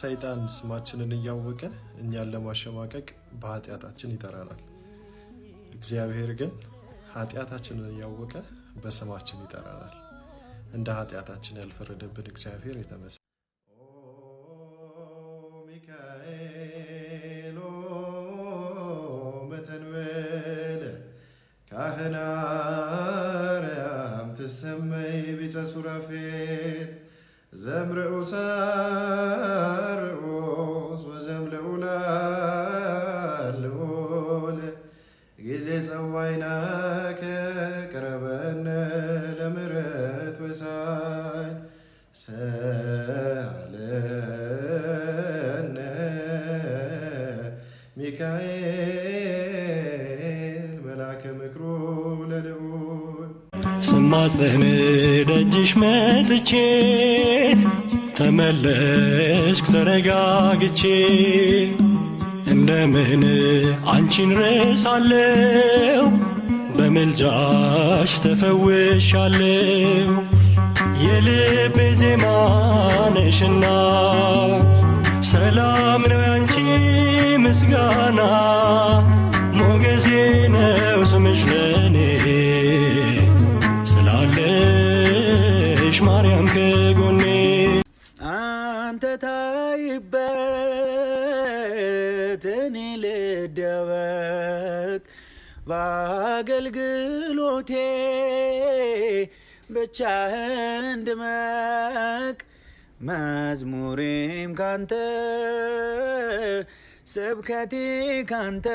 ሰይጣን ስማችንን እያወቀ እኛን ለማሸማቀቅ በኃጢአታችን ይጠራናል። እግዚአብሔር ግን ኃጢአታችንን እያወቀ በስማችን ይጠራናል። እንደ ኃጢአታችን ያልፈረደብን እግዚአብሔር የተመሰ ሚካኤሎ መተንበለ ካህናርያም ትሰመይ ቢፀ ሱራፌል ዘምርዑ ሰርዑስ ወዘምልዑ ለልዑል ጊዜ ጸዋይናከ ቅረበነ ለምረት ወሳይ ሰአለነ ሚካኤል መላከ ምክሩ ለልዑል ስማጽህን ደጅሽ መጥቼ ተመለስክ ተረጋግቼ እንደምን አንቺን ረሳለው በምልጃሽ ተፈውሻለው የልቤ ዜማ ነሽና ሰላም ነው ያንቺ ምስጋና ሞገሴ ነው ስምሽ ለኔ ስላለሽ ማርያም ከጎ ልታይበት እኔ ልደበቅ በአገልግሎቴ ብቻ እንድመቅ መዝሙሬም ካንተ ስብከቴ ካንተ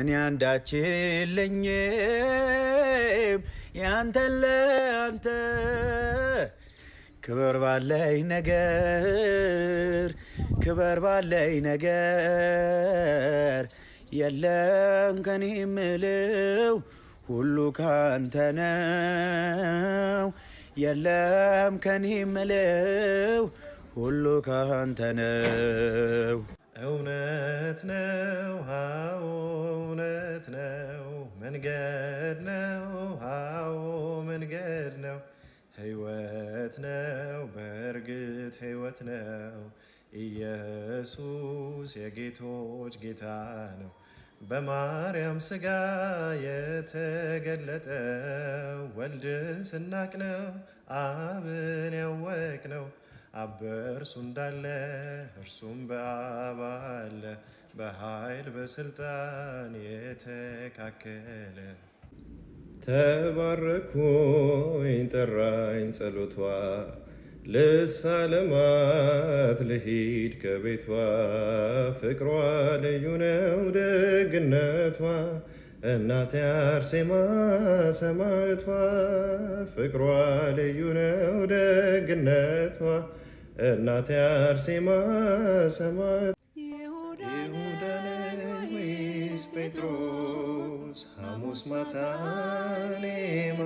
እኔ አንዳች የለኝም ያንተን ለአንተ ክበር ባለይ ነገር ክበር ባለይ ነገር የለም ከኔ ምልው ሁሉ ካንተ ነው። የለም ከኔ ምልው ሁሉ ካንተ ነው። እውነት ነው፣ አዎ እውነት ነው። መንገድ ነው፣ አዎ መንገድ ነው ህይወት እውነት ነው፣ በእርግጥ ሕይወት ነው። ኢየሱስ የጌቶች ጌታ ነው። በማርያም ሥጋ የተገለጠው ወልድን ስናቅ ነው፣ አብን ያወቅ ነው። አብ በእርሱ እንዳለ እርሱም በአብ አለ፣ በኃይል በስልጣን የተካከለ ተባረኩኝ ጠራኝ ጸሎቷ ልሳለማት ልሂድ ከቤቷ ፍቅሯ ልዩ ነው ደግነቷ እናቴ አርሴማ ሰማዕቷ ፍቅሯ ልዩ ነው ደግነቷ እናቴ አርሴማ ሰማዕቷ ይሁዳ ነኝ ወይስ ጴጥሮስ ሐሙስ ማታ እኔም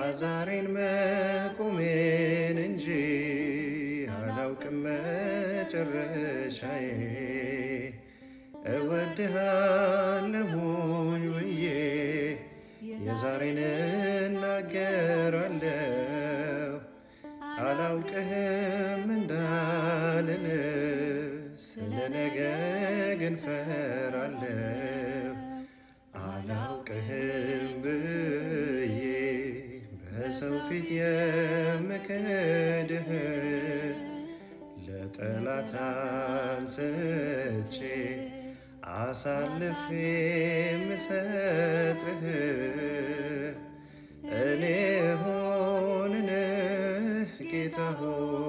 አዛሬን መቆሜን እንጂ አላውቅም መጨረሻዬ እወድሃለሁኝ ብዬ የዛሬን እናገራለሁ አላውቅህም እንዳልል ግን ፈራለሁ አላውቅህም ብዬ በሰው ፊት የምክድህ ለጠላት አንስቼ አሳልፌ ምሰጥህ እኔ ሆንንህ ጌታ ሆይ